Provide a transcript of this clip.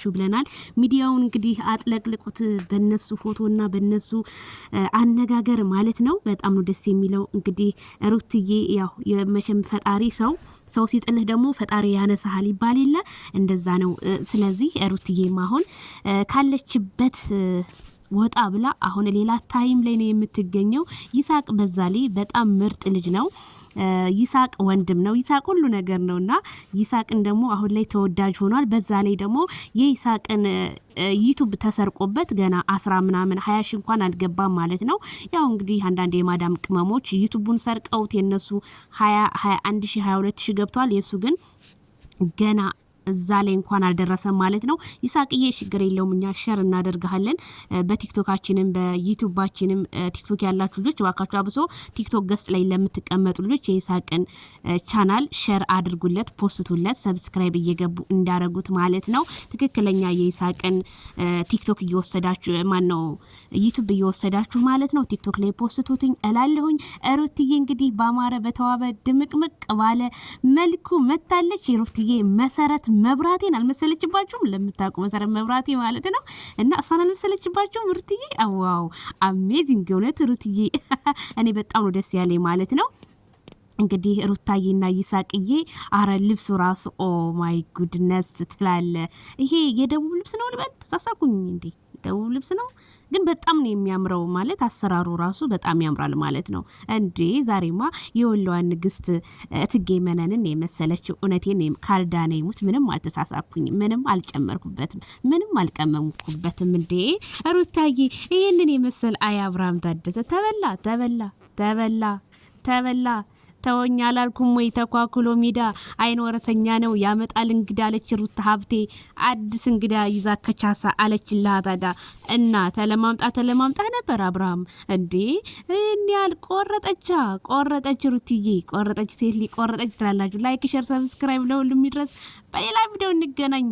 ችሁ ብለናል። ሚዲያውን እንግዲህ አጥለቅልቁት በነሱ ፎቶና በነሱ አነጋገር ማለት ነው። በጣም ነው ደስ የሚለው። እንግዲህ ሩትዬ ያው መቼም ፈጣሪ ሰው ሰው ሲጥልህ ደግሞ ፈጣሪ ያነሳሃል ይባል የለ እንደዛ ነው። ስለዚህ ሩትዬ ማሆን ካለችበት ወጣ ብላ አሁን ሌላ ታይም ላይ ነው የምትገኘው። ይሳቅ በዛ ላይ በጣም ምርጥ ልጅ ነው። ይሳቅ ወንድም ነው። ይሳቅ ሁሉ ነገር ነው እና ይሳቅን ደግሞ አሁን ላይ ተወዳጅ ሆኗል። በዛ ላይ ደግሞ የይሳቅን ዩቱብ ተሰርቆበት ገና አስራ ምናምን ሀያ ሺ እንኳን አልገባም ማለት ነው። ያው እንግዲህ አንዳንድ የማዳም ቅመሞች ዩቱቡን ሰርቀውት የነሱ ሀያ ሀያ አንድ ሺ ሀያ ሁለት ሺ ገብተዋል። የእሱ ግን ገና እዛ ላይ እንኳን አልደረሰም ማለት ነው። ይሳቅዬ ችግር የለውም እኛ ሸር እናደርግሃለን በቲክቶካችንም በዩቱባችንም። ቲክቶክ ያላችሁ ልጆች እባካችሁ አብሶ ቲክቶክ ገጽ ላይ ለምትቀመጡ ልጆች የይሳቅን ቻናል ሸር አድርጉለት፣ ፖስቱለት፣ ሰብስክራይብ እየገቡ እንዳረጉት ማለት ነው። ትክክለኛ የይሳቅን ቲክቶክ እየወሰዳችሁ ማን ነው ዩቱብ እየወሰዳችሁ ማለት ነው። ቲክቶክ ላይ ፖስቱትኝ እላለሁኝ። ሩትዬ እንግዲህ በአማረ በተዋበ ድምቅምቅ ባለ መልኩ መታለች። የሩትዬ መሰረት ማለት መብራቴን አልመሰለችባችሁም? ለምታውቁ መሰረት መብራቴ ማለት ነው። እና እሷን አልመሰለችባችሁም? ሩትዬ አዋው አሜዚንግ! እውነት ሩትዬ እኔ በጣም ነው ደስ ያለኝ ማለት ነው። እንግዲህ ሩታዬና ይሳቅዬ አረ ልብሱ ራሱ ኦ ማይ ጉድነስ ትላለ። ይሄ የደቡብ ልብስ ነው ልበል ተሳሳኩኝ እንዴ? ደቡብ ልብስ ነው፣ ግን በጣም ነው የሚያምረው። ማለት አሰራሩ ራሱ በጣም ያምራል ማለት ነው። እንዴ ዛሬማ የወለዋ ንግስት እትጌ መነንን የመሰለችው እውነቴን ካልዳነ ይሙት። ምንም አልተሳሳኩኝ፣ ምንም አልጨመርኩበትም፣ ምንም አልቀመምኩበትም። እንዴ ሩታዬ ይህንን የመሰል አይ አብርሃም ታደሰ ተበላ ተበላ ተበላ ተበላ ተወኝ አላልኩም ወይ? ተኳኩሎ ሜዳ አይን ወረተኛ ነው ያመጣል እንግዳ አለች ሩት ሀብቴ። አዲስ እንግዳ ይዛ ከቻሳ አለች ላታዳ እና ተለማምጣ ተለማምጣ ነበር አብርሃም እንዴ እኔ ያል ቆረጠቻ ቆረጠች፣ ሩትዬ ቆረጠች፣ ሴት ቆረጠች ትላላችሁ። ላይክ ሸር፣ ሰብስክራይብ ለሁሉም ይድረስ። በሌላ ቪዲዮ እንገናኝ።